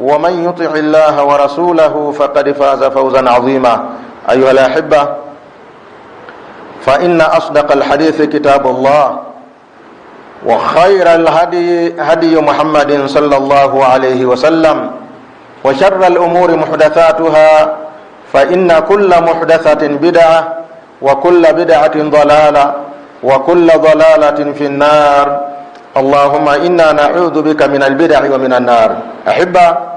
ومن يطع الله ورسوله فقد فاز فوزا عظيما أيها الأحبة فإن أصدق الحديث كتاب الله وخير الهدي هدي محمد صلى الله عليه وسلم وشر الأمور محدثاتها فإن كل محدثة بدعة وكل بدعة ضلالة وكل ضلالة في النار اللهم إنا نعوذ بك من البدع ومن النار أحبة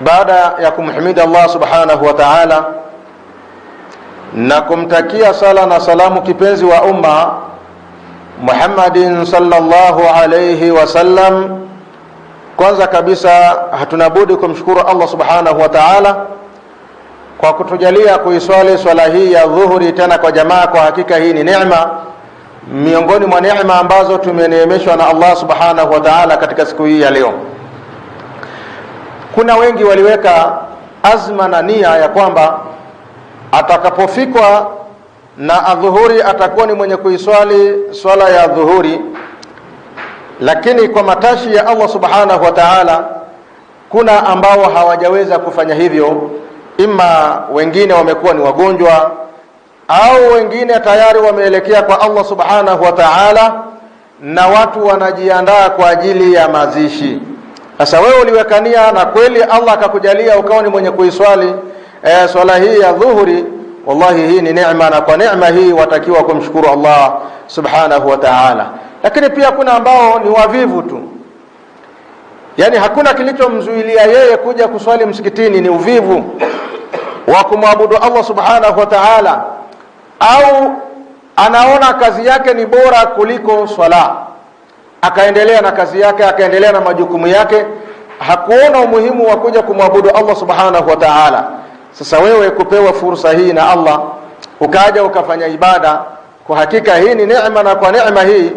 baada ya kumhimidi Allah subhanahu wa ta'ala na kumtakia sala na salamu kipenzi wa umma Muhammadin sallallahu alayhi wasallam, kwanza kabisa hatuna budi kumshukuru Allah subhanahu wa ta'ala kwa kutujalia kuiswali swala hii ya dhuhuri tena kwa jamaa. Kwa hakika hii ni neema miongoni mwa neema ambazo tumeneemeshwa na Allah subhanahu wa ta'ala katika siku hii ya leo. Kuna wengi waliweka azma na nia ya kwamba atakapofikwa na adhuhuri atakuwa ni mwenye kuiswali swala ya adhuhuri, lakini kwa matashi ya Allah subhanahu wa ta'ala, kuna ambao hawajaweza kufanya hivyo, ima wengine wamekuwa ni wagonjwa au wengine tayari wameelekea kwa Allah subhanahu wa ta'ala, na watu wanajiandaa kwa ajili ya mazishi sasa wewe uliwekania na kweli Allah akakujalia ukawa ni mwenye kuiswali e, swala hii ya dhuhuri. Wallahi, hii ni neema, na kwa neema hii watakiwa kumshukuru Allah subhanahu wa ta'ala. Lakini pia kuna ambao ni wavivu tu, yani hakuna kilichomzuilia yeye kuja kuswali msikitini, ni uvivu wa kumwabudu Allah subhanahu wa ta'ala, au anaona kazi yake ni bora kuliko swala akaendelea na kazi yake, akaendelea na majukumu yake, hakuona umuhimu wa kuja kumwabudu Allah subhanahu wa ta'ala. Sasa wewe kupewa fursa hii na Allah ukaja ukafanya ibada, kwa hakika hii ni neema, na kwa neema hii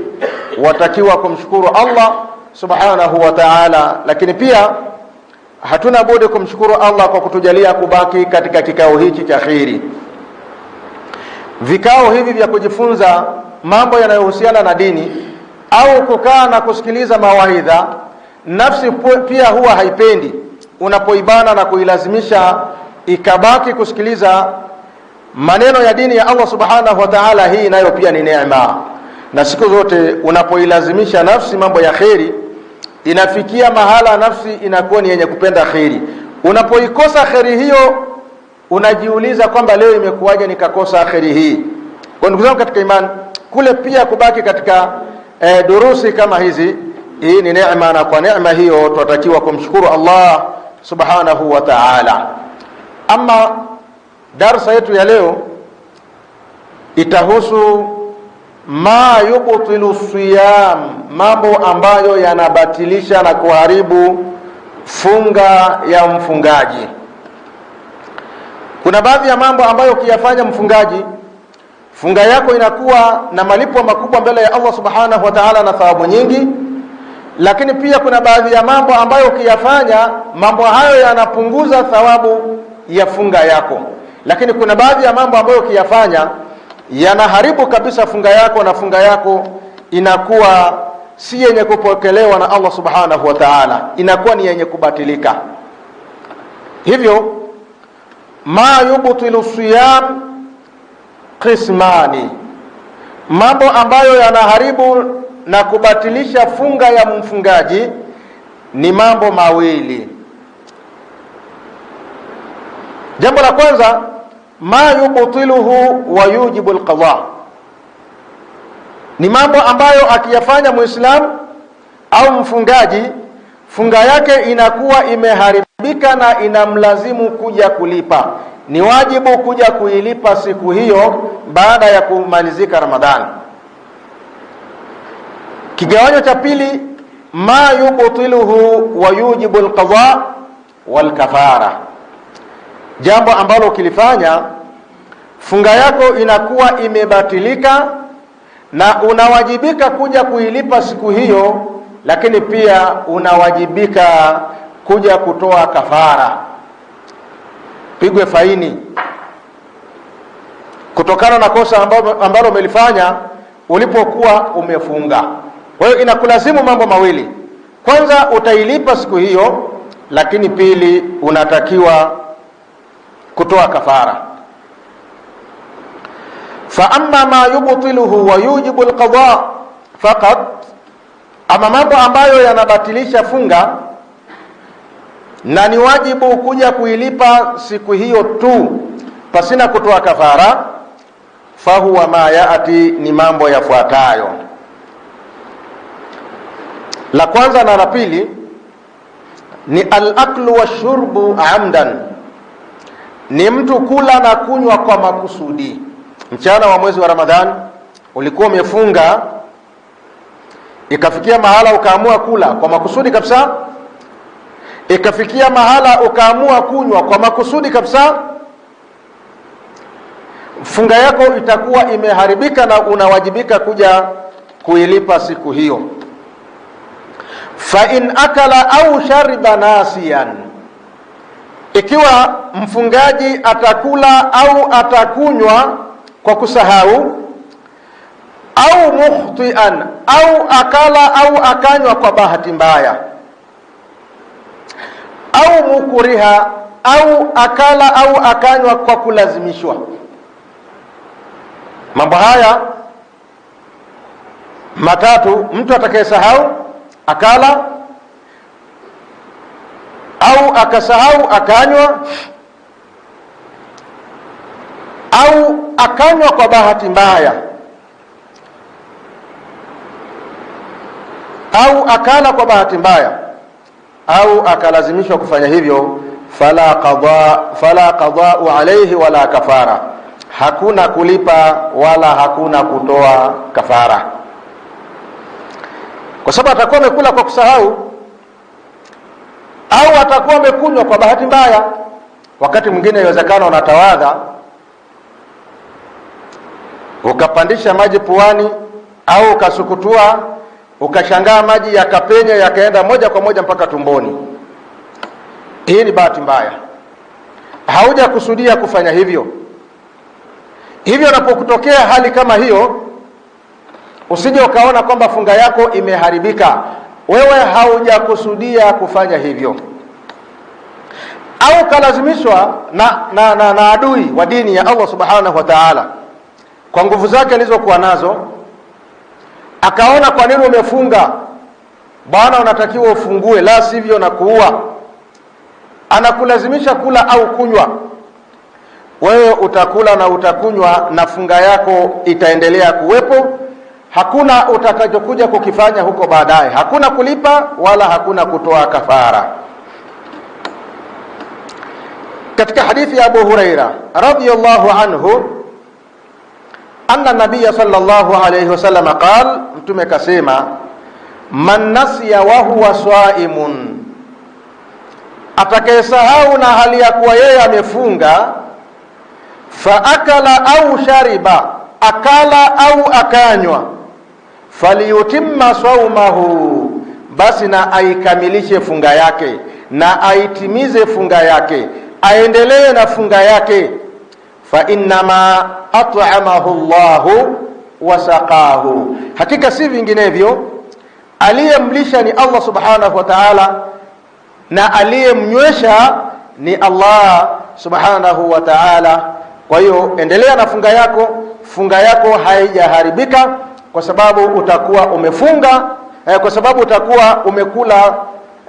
watakiwa kumshukuru Allah subhanahu wa ta'ala. Lakini pia hatuna budi kumshukuru Allah kwa kutujalia kubaki katika kikao hiki cha khiri. Vikao hivi vya kujifunza mambo yanayohusiana na dini au kukaa na kusikiliza mawaidha. Nafsi pia huwa haipendi unapoibana na kuilazimisha ikabaki kusikiliza maneno ya dini ya Allah subhanahu wa ta'ala. Hii nayo pia ni neema, na siku zote unapoilazimisha nafsi mambo ya kheri, inafikia mahala nafsi inakuwa ni yenye kupenda kheri. Unapoikosa kheri hiyo, unajiuliza kwamba leo imekuwaje nikakosa kheri hii. Kwa ndugu zangu katika imani, kule pia kubaki katika e, durusi kama hizi, hii ni neema, na kwa neema hiyo tunatakiwa kumshukuru Allah subhanahu wa ta'ala. Ama darsa yetu ya leo itahusu ma yubtilu siyam, mambo ambayo yanabatilisha na kuharibu funga ya mfungaji. Kuna baadhi ya mambo ambayo ukiyafanya mfungaji funga yako inakuwa na malipo makubwa mbele ya Allah subhanahu wa ta'ala na thawabu nyingi. Lakini pia kuna baadhi ya mambo ambayo ukiyafanya, mambo hayo yanapunguza thawabu ya funga yako, lakini kuna baadhi ya mambo ambayo ukiyafanya yanaharibu kabisa funga yako, na funga yako inakuwa si yenye kupokelewa na Allah subhanahu wa ta'ala, inakuwa ni yenye kubatilika. Hivyo ma yubtilu siyam qismani, mambo ambayo yanaharibu na kubatilisha funga ya mfungaji ni mambo mawili. Jambo la kwanza, ma yubtiluhu wa yujibu alqadha, ni mambo ambayo akiyafanya Muislamu au mfungaji funga yake inakuwa imeharibika na inamlazimu kuja kulipa ni wajibu kuja kuilipa siku hiyo baada ya kumalizika Ramadhani. Kigawanyo cha pili, ma yubtiluhu wa yujibu alqadha wal kafara, jambo ambalo ukilifanya funga yako inakuwa imebatilika na unawajibika kuja kuilipa siku hiyo, lakini pia unawajibika kuja kutoa kafara pigwe faini kutokana na kosa ambalo umelifanya ulipokuwa umefunga. Kwa hiyo inakulazimu mambo mawili, kwanza utailipa siku hiyo, lakini pili unatakiwa kutoa kafara. fa amma ma yubtiluhu wa yujibu alqada faqad, ama mambo ambayo yanabatilisha funga na ni wajibu kuja kuilipa siku hiyo tu pasina kutoa kafara. Fahuwa ma yaati, ni mambo yafuatayo. La kwanza na la pili ni alaklu washurbu amdan, ni mtu kula na kunywa kwa makusudi. Mchana wa mwezi wa ramadhan ulikuwa umefunga, ikafikia mahala ukaamua kula kwa makusudi kabisa ikafikia mahala ukaamua kunywa kwa makusudi kabisa, funga yako itakuwa imeharibika na unawajibika kuja kuilipa siku hiyo. Fa in akala au shariba nasian ikiwa mfungaji atakula au atakunywa kwa kusahau au mukhtian, au akala au akanywa kwa bahati mbaya au mukuriha au akala au akanywa kwa kulazimishwa. Mambo haya matatu, mtu atakayesahau akala au akasahau akanywa au akanywa kwa bahati mbaya au akala kwa bahati mbaya au akalazimishwa kufanya hivyo, fala qada fala qadau alayhi wala kafara, hakuna kulipa wala hakuna kutoa kafara, kwa sababu atakuwa amekula kwa kusahau au atakuwa amekunywa kwa bahati mbaya. Wakati mwingine inawezekana unatawadha ukapandisha maji puani au ukasukutua ukashangaa maji yakapenya yakaenda moja kwa moja mpaka tumboni. Hii ni bahati mbaya, haujakusudia kufanya hivyo. Hivyo unapokutokea hali kama hiyo, usije ukaona kwamba funga yako imeharibika. Wewe haujakusudia kufanya hivyo, au ukalazimishwa na, na, na, na adui wa dini ya Allah subhanahu wa ta'ala kwa nguvu zake alizokuwa nazo akaona kwa nini umefunga bwana? Unatakiwa ufungue, la sivyo na kuua. Anakulazimisha kula au kunywa, wewe utakula na utakunywa, na funga yako itaendelea kuwepo. Hakuna utakachokuja kukifanya huko baadaye, hakuna kulipa wala hakuna kutoa kafara. Katika hadithi ya Abu Huraira radhiyallahu anhu anna nabiya sallallahu alayhi wasallam qal, mtume kasema, man nasiya wa huwa saimun, atakayesahau na hali ya kuwa yeye amefunga. Fa akala au shariba, akala au akanywa, falyutimma saumahu, basi na aikamilishe funga yake, na aitimize funga yake, aendelee na funga yake fa innama at'amahu Allahu wa saqahu, hakika si vinginevyo aliyemlisha ni Allah subhanahu wa ta'ala na aliyemnywesha ni Allah subhanahu wa ta'ala. Kwa hiyo endelea na funga yako, funga yako haijaharibika kwa sababu utakuwa umefunga eh, kwa sababu utakuwa umekula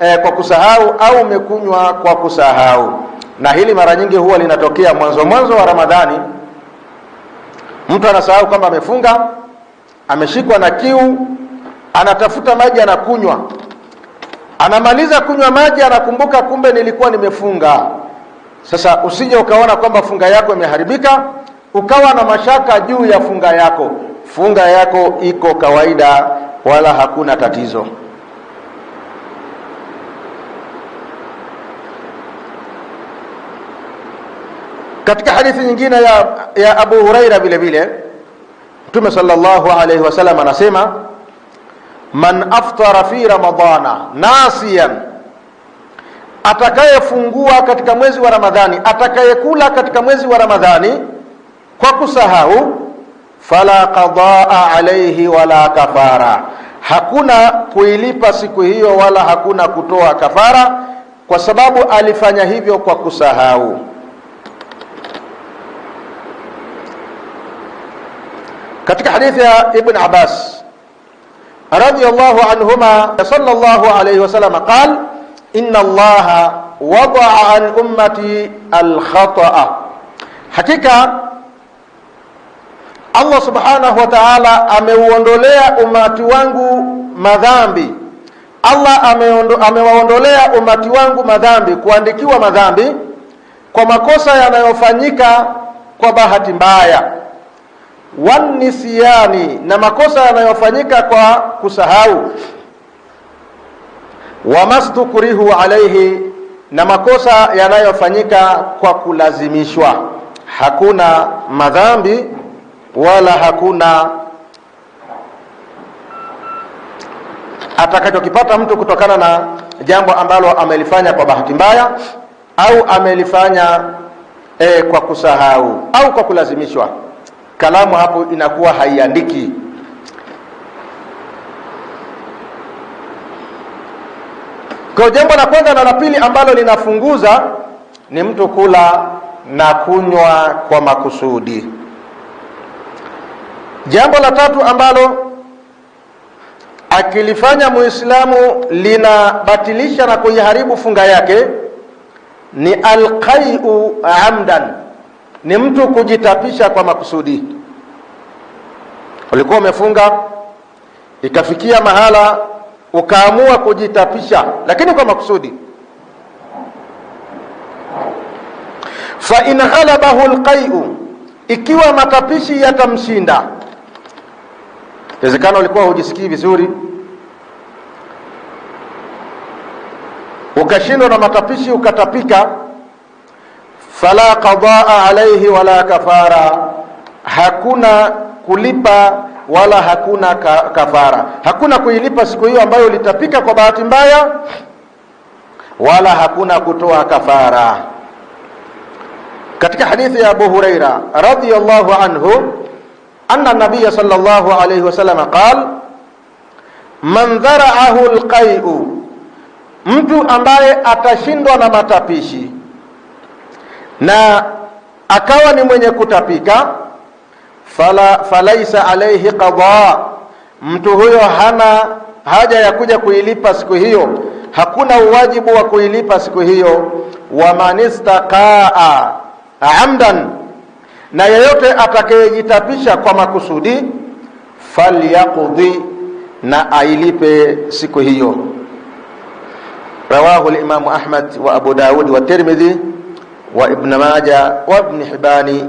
eh, kwa kusahau au umekunywa kwa kusahau na hili mara nyingi huwa linatokea mwanzo mwanzo wa Ramadhani. Mtu anasahau kwamba amefunga, ameshikwa na kiu, anatafuta maji, anakunywa. Anamaliza kunywa maji, anakumbuka kumbe nilikuwa nimefunga. Sasa usije ukaona kwamba funga yako imeharibika, ukawa na mashaka juu ya funga yako. Funga yako iko kawaida, wala hakuna tatizo. Katika hadithi nyingine ya, ya Abu Huraira vile vile Mtume sallallahu alayhi wasallam anasema man aftara fi ramadana nasiyan, atakayefungua katika mwezi wa Ramadhani, atakayekula katika mwezi wa Ramadhani kwa kusahau, fala qadaa alayhi wala kafara, hakuna kuilipa siku hiyo wala hakuna kutoa kafara, kwa sababu alifanya hivyo kwa kusahau. katika hadithi ya Ibn Abbas radhiyallahu anhuma, sallallahu alayhi wasallam qal inna allaha wadaa an ummati alkhataa, hakika Allah subhanahu wa ta'ala ameuondolea umati wangu madhambi. Allah amewaondolea umati wangu madhambi, kuandikiwa madhambi kwa makosa yanayofanyika kwa bahati mbaya wanisiani na makosa yanayofanyika kwa kusahau, wamastukrihu alaihi, na makosa yanayofanyika kwa kulazimishwa. Hakuna madhambi wala hakuna atakachokipata mtu kutokana na jambo ambalo amelifanya kwa bahati mbaya au amelifanya eh, kwa kusahau au kwa kulazimishwa kalamu hapo inakuwa haiandiki. Kwa jambo la kwanza na la pili ambalo linafunguza ni mtu kula na kunywa kwa makusudi. Jambo la tatu ambalo akilifanya Muislamu linabatilisha na kuiharibu funga yake ni alqai'u amdan ni mtu kujitapisha kwa makusudi. Ulikuwa umefunga ikafikia mahala ukaamua kujitapisha, lakini kwa makusudi. Fa in ghalabahu alqai'u, ikiwa matapishi yatamshinda. Inawezekana ulikuwa hujisikii vizuri ukashindwa na matapishi ukatapika fala qadaa alayhi wala kafara, hakuna kulipa wala hakuna ka, kafara, hakuna kuilipa siku hiyo ambayo litapika kwa bahati mbaya, wala hakuna kutoa kafara. Katika hadithi ya Abu Huraira radhiyallahu anhu anna nabiya sallallahu alayhi wasallam qal man dharaahu alqai'u, mtu ambaye atashindwa na matapishi na akawa ni mwenye kutapika, fala falaisa alaihi qadaa mtu huyo hana haja ya kuja kuilipa siku hiyo, hakuna uwajibu wa kuilipa siku hiyo. wa istaqaa amdan, na yeyote atakayejitapisha kwa makusudi, falyaqdi, na ailipe siku hiyo. Rawahu limamu Ahmad wa Abu Daud wa Tirmidhi wa Ibn Maja wa Ibn Hibani.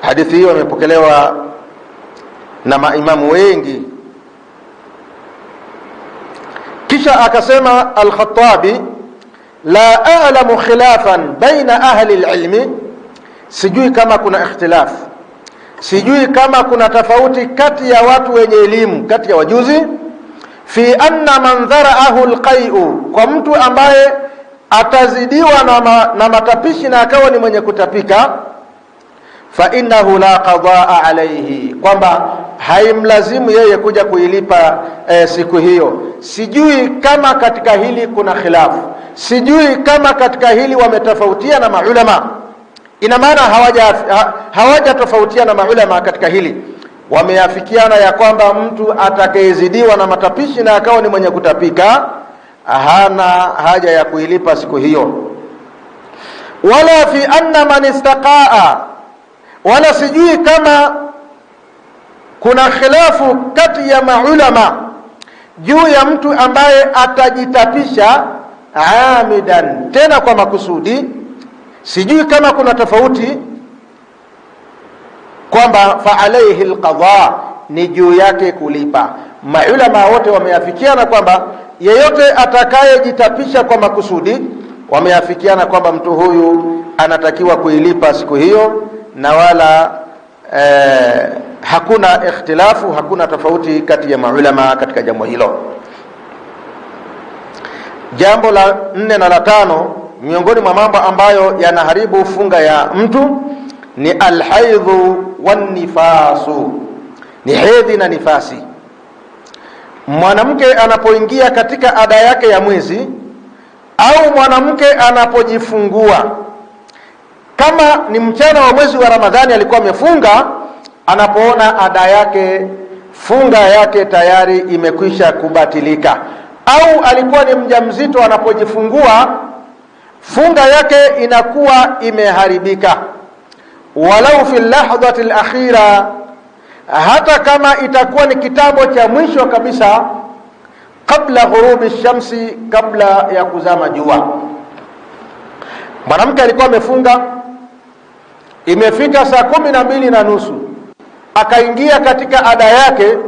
Hadithi hiyo imepokelewa na maimamu wengi. Kisha akasema Al-Khattabi, la a'lamu khilafan baina ahli al-ilmi, sijui kama kuna ikhtilaf, sijui kama kuna tofauti kati ya watu wenye elimu, kati ya wajuzi, fi anna man dharaahu al-qai'u, kwa mtu ambaye atazidiwa na, ma, na matapishi na akawa ni mwenye kutapika, fa innahu la qadaa alayhi, kwamba haimlazimu yeye kuja kuilipa e, siku hiyo. Sijui kama katika hili kuna khilafu, sijui kama katika hili wametofautia na maulama. Ina maana hawaja ha, hawaja maulama katika hili, wameafikiana ya kwamba mtu atakayezidiwa na matapishi na akawa ni mwenye kutapika hana haja ya kuilipa siku hiyo. Wala fi anna man istaqaa, wala sijui kama kuna khilafu kati ya maulama juu ya mtu ambaye atajitapisha amidan, tena kwa makusudi. Sijui kama kuna tofauti kwamba fa alayhi alqadha, ni juu yake kulipa. Maulama wote wameafikiana kwamba yeyote atakayejitapisha kwa makusudi, wameafikiana kwamba mtu huyu anatakiwa kuilipa siku hiyo, na wala eh, hakuna ikhtilafu, hakuna tofauti kati ya maulama katika jambo hilo. Jambo la nne na la tano miongoni mwa mambo ambayo yanaharibu funga ya mtu ni alhaidhu wanifasu, ni hedhi na nifasi mwanamke anapoingia katika ada yake ya mwezi au mwanamke anapojifungua, kama ni mchana wa mwezi wa Ramadhani alikuwa amefunga, anapoona ada yake funga yake tayari imekwisha kubatilika, au alikuwa ni mjamzito anapojifungua, funga yake inakuwa imeharibika, walau fi lahdhati alakhira hata kama itakuwa ni kitabu cha mwisho kabisa, kabla ghurubi shamsi, kabla ya kuzama jua. Mwanamke alikuwa amefunga, imefika saa kumi na mbili na nusu akaingia katika ada yake,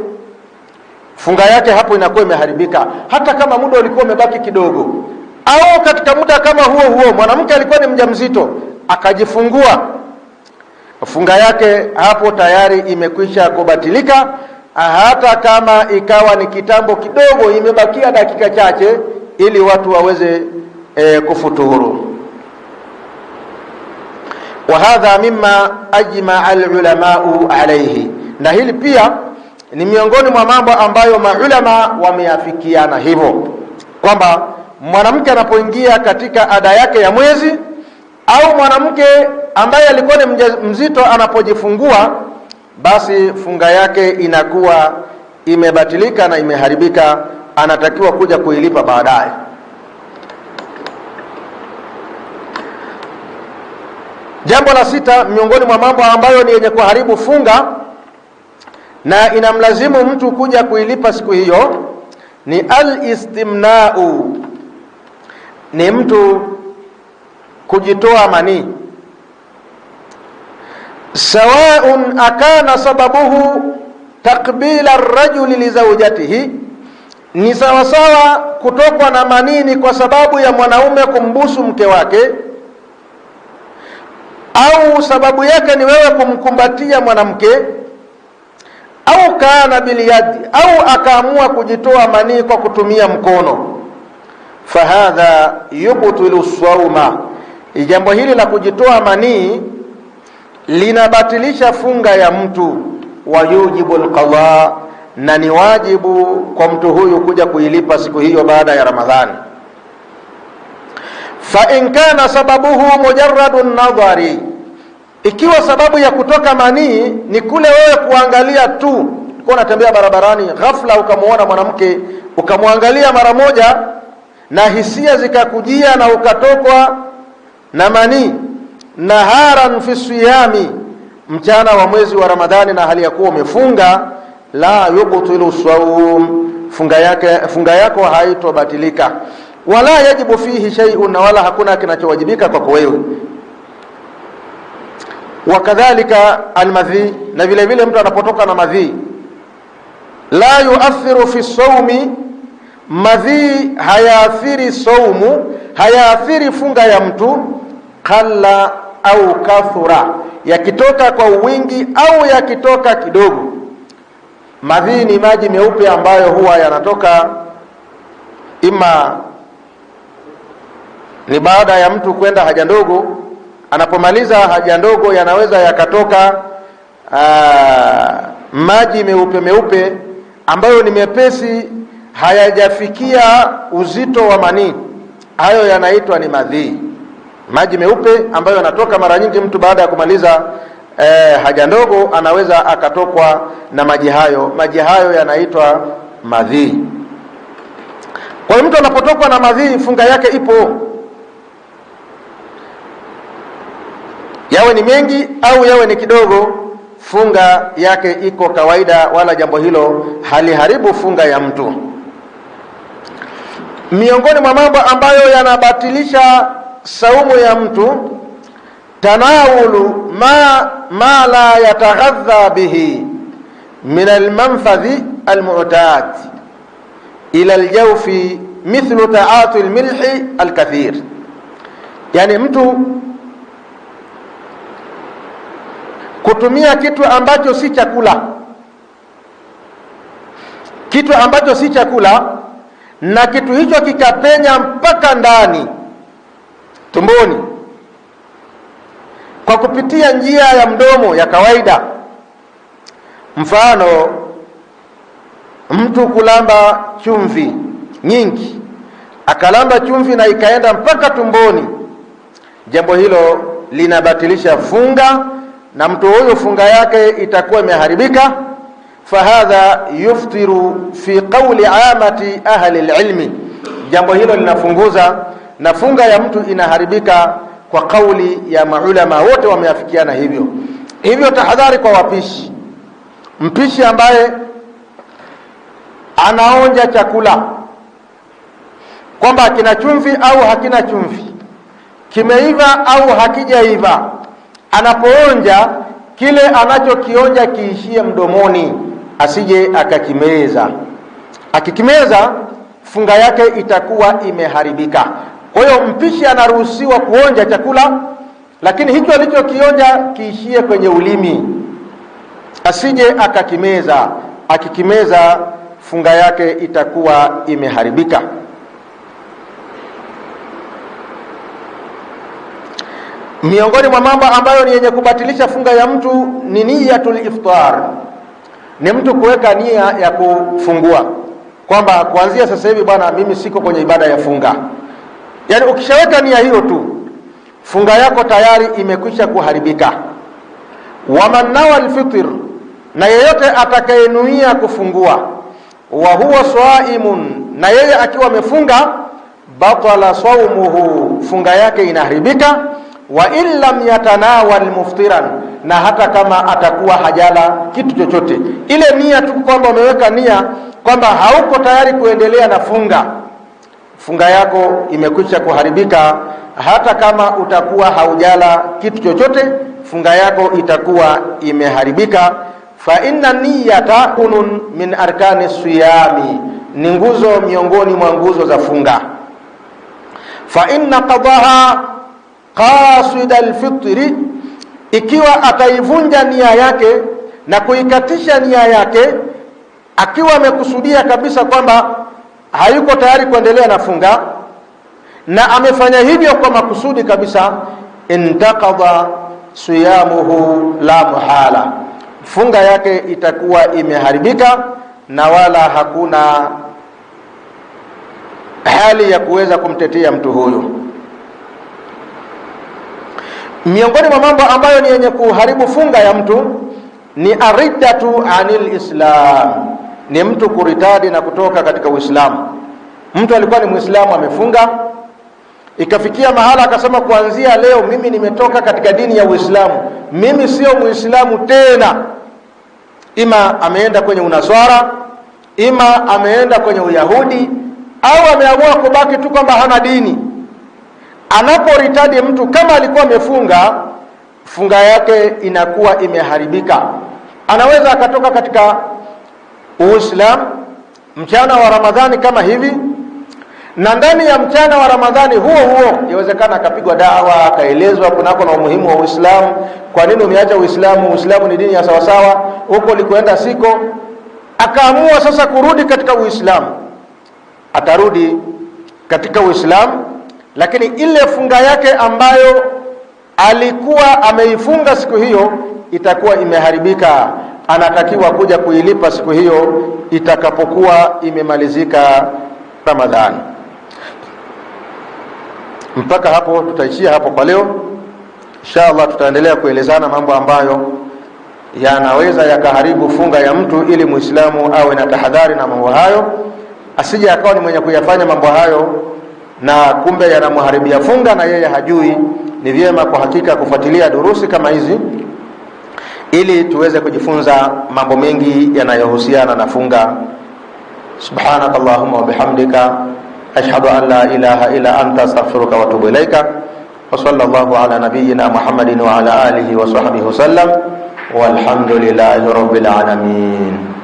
funga yake hapo inakuwa imeharibika, hata kama muda ulikuwa umebaki kidogo. Au katika muda kama huo huo mwanamke alikuwa ni mjamzito akajifungua funga yake hapo tayari imekwisha kubatilika. Hata kama ikawa ni kitambo kidogo, imebakia dakika chache ili watu waweze e, eh, kufuturu. wa hadha mimma ajma alulamau alaihi, na hili pia ni miongoni mwa mambo ambayo maulama wameafikiana hivyo kwamba mwanamke anapoingia katika ada yake ya mwezi au mwanamke ambaye alikuwa ni mzito anapojifungua, basi funga yake inakuwa imebatilika na imeharibika, anatakiwa kuja kuilipa baadaye. Jambo la sita miongoni mwa mambo ambayo ni yenye kuharibu funga na inamlazimu mtu kuja kuilipa siku hiyo ni al-istimna'u, ni mtu kujitoa manii sawaun akana sababuhu takbila rajuli lizaujatihi, ni sawasawa kutokwa na manini kwa sababu ya mwanaume kumbusu mke wake, au sababu yake ni wewe kumkumbatia mwanamke, au kana bilyadi, au akaamua kujitoa manii kwa kutumia mkono. Fahadha yubtilu swauma, jambo hili la kujitoa manii linabatilisha funga ya mtu, wa yujibu alqadha, na ni wajibu kwa mtu huyu kuja kuilipa siku hiyo baada ya Ramadhani. Fa in kana sababuhu mujarradun nadhari, ikiwa sababu ya kutoka manii ni kule wewe kuangalia tu, uko unatembea barabarani, ghafla ukamwona mwanamke ukamwangalia mara moja, na hisia zikakujia na ukatokwa na manii naharan fi siyami, mchana wa mwezi wa Ramadhani na hali ya kuwa umefunga. La yubtilu sawm, funga yake funga yako haitobatilika. Wala yajibu fihi shay'un, na wala hakuna kinachowajibika kwako wewe. Wakadhalika almadhi, na vile vile mtu anapotoka na madhi. La yuathiru fi sawmi, madhi hayaathiri saumu, hayaathiri funga ya mtu qalla au kathura, yakitoka kwa wingi au yakitoka kidogo. Madhii ni maji meupe ambayo huwa yanatoka ima ni baada ya mtu kwenda haja ndogo. Anapomaliza haja ndogo, yanaweza yakatoka aa, maji meupe meupe ambayo ni mepesi, hayajafikia uzito wa manii. Hayo yanaitwa ni madhii maji meupe ambayo yanatoka mara nyingi mtu baada ya kumaliza eh, haja ndogo anaweza akatokwa na maji hayo. Maji hayo yanaitwa madhii. Kwa hiyo mtu anapotokwa na madhii, funga yake ipo, yawe ni mengi au yawe ni kidogo, funga yake iko kawaida, wala jambo hilo haliharibu funga ya mtu. Miongoni mwa mambo ambayo yanabatilisha saumu ya mtu tanawulu ma, ma la yataghadha bihi min almanfadhi almutad ila aljawfi mithlu taatu almilhi alkathir, yani mtu kutumia kitu ambacho si chakula, kitu ambacho si chakula na kitu hicho kikapenya mpaka ndani tumboni kwa kupitia njia ya mdomo ya kawaida. Mfano, mtu kulamba chumvi nyingi, akalamba chumvi na ikaenda mpaka tumboni, jambo hilo linabatilisha funga, na mtu huyo funga yake itakuwa imeharibika. Fahadha yuftiru fi qawli amati ahli alilmi, jambo hilo linafunguza na funga ya mtu inaharibika kwa kauli ya maulama wote, wameafikiana hivyo. Hivyo tahadhari kwa wapishi. Mpishi ambaye anaonja chakula kwamba kina chumvi au hakina chumvi, kimeiva au hakijaiva, anapoonja kile anachokionja kiishie mdomoni, asije akakimeza. Akikimeza funga yake itakuwa imeharibika. Kwa hiyo mpishi anaruhusiwa kuonja chakula, lakini hicho alichokionja kiishie kwenye ulimi, asije akakimeza. Akikimeza funga yake itakuwa imeharibika. Miongoni mwa mambo ambayo ni yenye kubatilisha funga ya mtu ni niyatul iftar, ni mtu kuweka nia ya kufungua kwamba kuanzia sasa hivi bwana, mimi siko kwenye ibada ya funga Yaani ukishaweka nia hiyo tu, funga yako tayari imekwisha kuharibika. Waman nawa lfitir na yeyote atakayenuia kufungua, wa huwa swaimun, na yeye akiwa amefunga, batala saumuhu, funga yake inaharibika. Wa in lam yatanawal muftiran, na hata kama atakuwa hajala kitu chochote, ile nia tu kwamba umeweka nia kwamba hauko tayari kuendelea na funga funga yako imekwisha kuharibika. Hata kama utakuwa haujala kitu chochote, funga yako itakuwa imeharibika. Fa inna niyata kunun min arkani siyami, ni nguzo miongoni mwa nguzo za funga. Fa inna qadaha qasida alfitri, ikiwa ataivunja nia yake na kuikatisha nia yake, akiwa amekusudia kabisa kwamba hayuko tayari kuendelea na funga, na amefanya hivyo kwa makusudi kabisa, intakadha siyamuhu la muhala, funga yake itakuwa imeharibika na wala hakuna hali ya kuweza kumtetea mtu huyu. Miongoni mwa mambo ambayo ni yenye kuharibu funga ya mtu ni ariddatu anil Islam ni mtu kuritadi na kutoka katika Uislamu. Mtu alikuwa ni Muislamu amefunga, ikafikia mahala akasema, kuanzia leo mimi nimetoka katika dini ya Uislamu, mimi sio Muislamu tena. Ima ameenda kwenye Unaswara, ima ameenda kwenye Uyahudi, au ameamua kubaki tu kwamba hana dini. Anaporitadi mtu kama alikuwa amefunga, funga yake inakuwa imeharibika. Anaweza akatoka katika Uislamu mchana wa Ramadhani kama hivi, na ndani ya mchana wa Ramadhani huo huo yawezekana akapigwa dawa akaelezwa kunako na umuhimu wa Uislamu. Kwa nini umeacha Uislamu? Uislamu ni dini ya sawasawa, huko likuenda siko. Akaamua sasa kurudi katika Uislamu, atarudi katika Uislamu, lakini ile funga yake ambayo alikuwa ameifunga siku hiyo itakuwa imeharibika anatakiwa kuja kuilipa siku hiyo itakapokuwa imemalizika Ramadhani. Mpaka hapo tutaishia hapo kwa leo. Insha Allah tutaendelea kuelezana mambo ambayo yanaweza yakaharibu funga ya mtu, ili muislamu awe na tahadhari na mambo hayo, asije akawa ni mwenye kuyafanya mambo hayo na kumbe yanamharibia funga na yeye hajui. Ni vyema kwa hakika kufuatilia durusi kama hizi ili tuweze kujifunza mambo mengi yanayohusiana na funga. subhanak allahuma wa bihamdika ashhadu an la ilaha illa anta astaghfiruka wa atubu ilaika wa sallallahu ala nabiyyina Muhammadin wa ala alihi wa sahbihi wasallam walhamdulillahi rabbil alamin.